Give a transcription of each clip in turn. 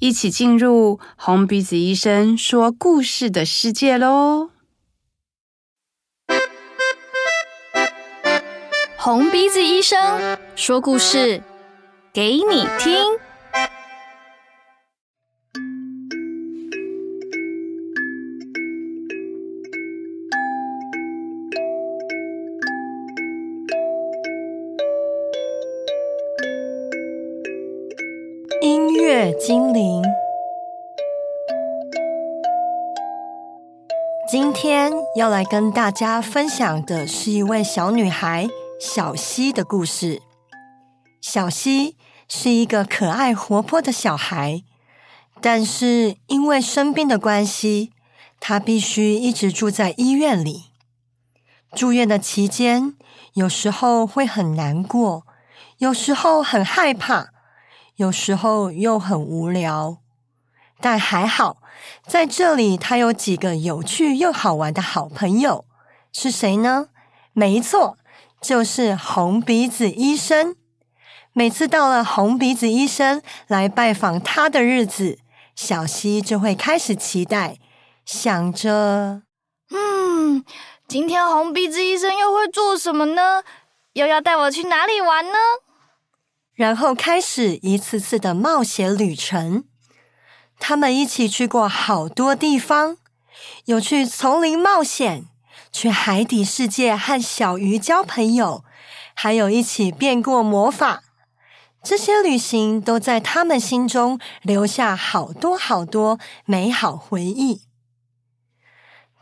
一起進入紅鼻子醫生說故事的世界嘍！紅鼻子醫生說故事給你聽。樂精靈，今天要來跟大家分享的是一位小女孩小熙的故事。小熙是一個可愛活潑的小孩，但是因為生病的關係，她必須一直住在醫院裡。住院的期間，有時候會很難過，有時候很害怕。有時候又很無聊，但還好，在這裡他有幾個有趣又好玩的好朋友，是誰呢？沒錯，就是紅鼻子醫生。每次到了紅鼻子醫生來拜訪他的日子，小熙就會開始期待，想着：“嗯，今天紅鼻子醫生又會做什麼呢？又要帶我去哪裡玩呢？”然後開始一次次的冒險旅程，他們一起去過好多地方，有去叢林冒險，去海底世界和小魚交朋友，還有一起變過魔法。這些旅行都在他們心中留下好多好多美好回憶。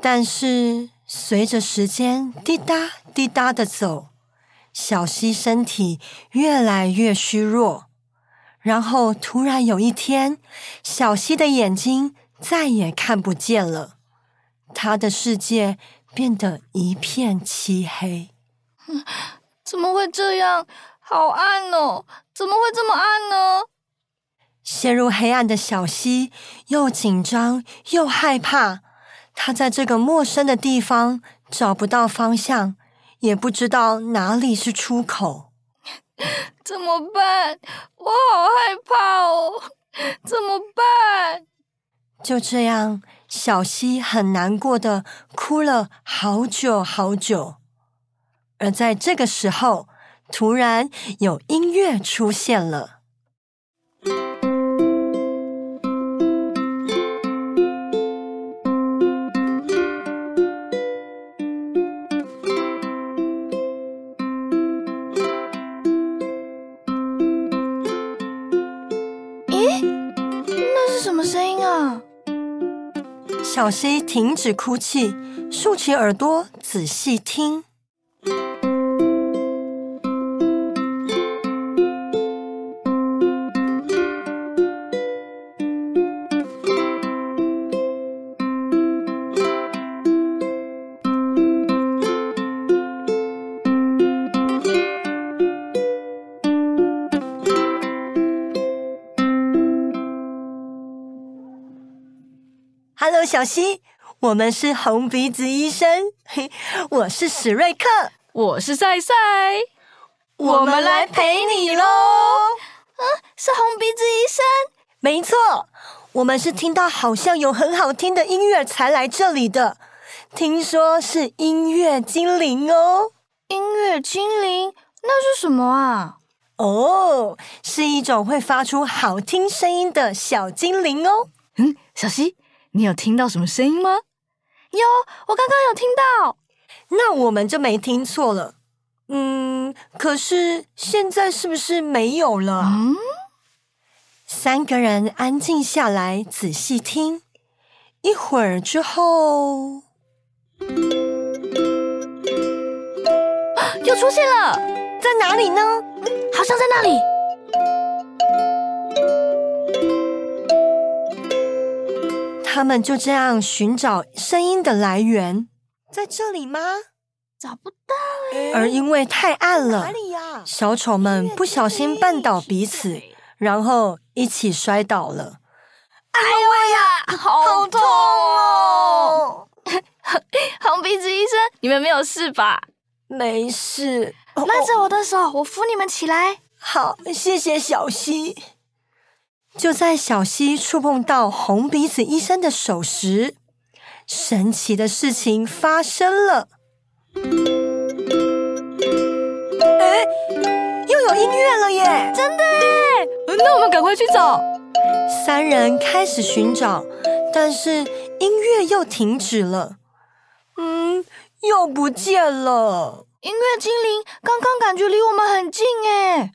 但是，隨着時間滴答滴答的走。小熙身體越來越虛弱，然後突然有一天，小熙的眼睛再也看不見了，他的世界變得一片漆黑。怎麼會這樣？好暗哦！怎麼會這麼暗呢？陷入黑暗的小熙又緊張又害怕，他在這個陌生的地方找不到方向。也不知道哪裡是出口，怎麼辦？我好害怕哦，怎麼辦？就這樣，小熙很難過的哭了好久好久，而在這個時候，突然有音樂出現了。小熙停止哭泣，豎起耳朵仔細聽。小熙，我們是紅鼻子醫生， 我是史瑞克，我是賽賽，我們來陪你嘍。啊、嗯，是紅鼻子醫生沒錯，我們是聽到好像有很好聽的音樂才來這裡的。聽說是音樂精靈哦，音樂精靈那是什麼啊？哦，是一種會發出好聽聲音的小精靈哦。嗯，小熙。你有聽到什麼聲音嗎？有，我剛剛有聽到。那我們就沒聽錯了。嗯，可是現在是不是沒有了？嗯。三個人安靜下來，仔細聽。一會兒之後，又出現了，在哪裡呢？好像在那裡。他們就這樣尋找聲音的來源，在這裡嗎？找不到、欸、而因為太暗了，哪裡呀、啊？小丑們不小心絆倒彼此，然後一起摔倒了。哎,哎,呀,哎呀，好痛哦！痛哦 紅鼻子醫生，你們沒有事吧？沒事，拉着我的手，我扶你們起來。好，謝謝小熙。就在小熙觸碰到紅鼻子醫生的手時，神奇的事情發生了。哎，又有音樂了耶！嗯、真的耶，那我們趕快去找。三人開始尋找，但是音樂又停止了。嗯，又不見了。音樂精靈剛剛感覺離我們很近耶！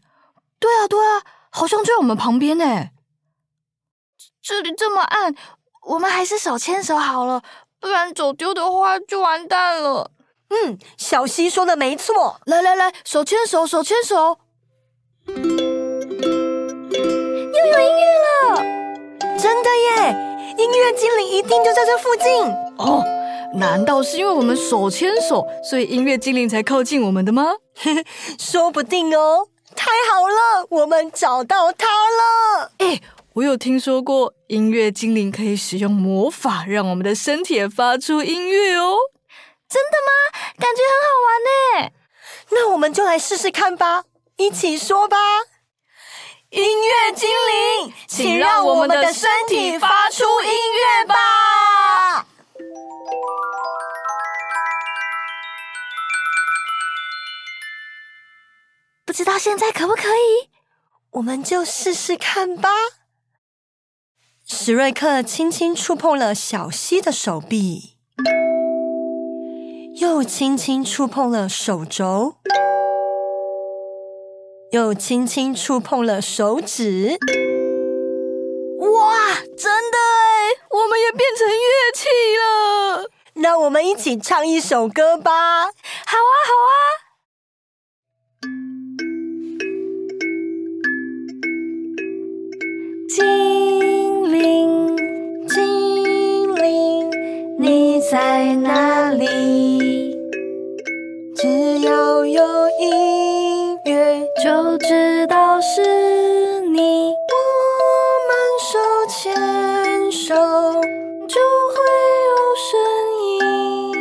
對啊對啊，好像在我們旁邊耶！這裡這麼暗，我們還是手牽手好了，不然走丟的話就完蛋了。嗯，小熙說的沒錯，來來來，手牽手，手牽手。又有音樂了，真的耶！音樂精靈一定就在這附近。哦，難道是因為我們手牽手，所以音樂精靈才靠近我們的嗎？嘿嘿，說不定哦。太好了，我們找到他了。我有聽說過音樂精靈可以使用魔法讓我們的身體發出音樂哦，真的嗎？感覺很好玩呢。那我們就來試試看吧，一起說吧。音樂精靈，請讓我們的身體發出音樂吧。不知道現在可不可以？我們就試試看吧。史瑞克輕輕觸碰了小熙的手臂，又輕輕觸碰了手肘，又輕輕觸碰了手指。哇，真的！哎，我們也變成樂器了。那我們一起唱一首歌吧。好啊，好啊。哪裡？只要有音樂，就知道是你。我們手牽手，就會有聲音。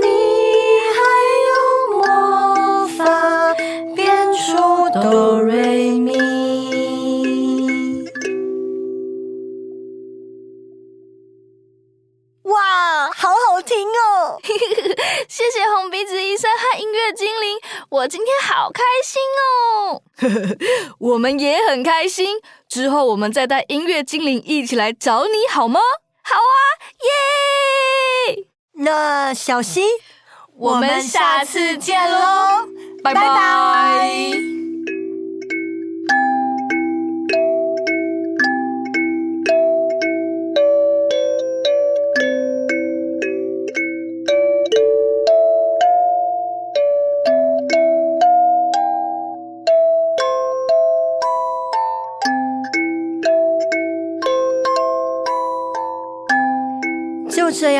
嗯、你還有魔法，變、嗯、出都。我今天好開心哦！ 我們也很開心。之後我們再帶音樂精靈一起來找你好嗎？好啊，耶！Yeah！那小熙，我們下次見嘍，拜拜。 Bye bye! Bye bye!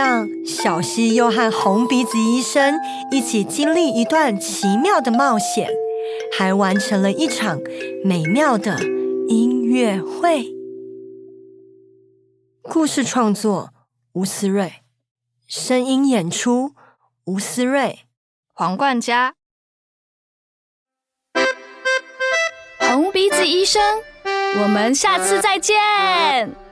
讓小熙又和紅鼻子醫生一起經歷一段奇妙的冒險，還完成了一場美妙的音樂會。故事創作：吳思瑞，聲音演出：吳思瑞；黃冠嘉。紅鼻子醫生，我們下次再見。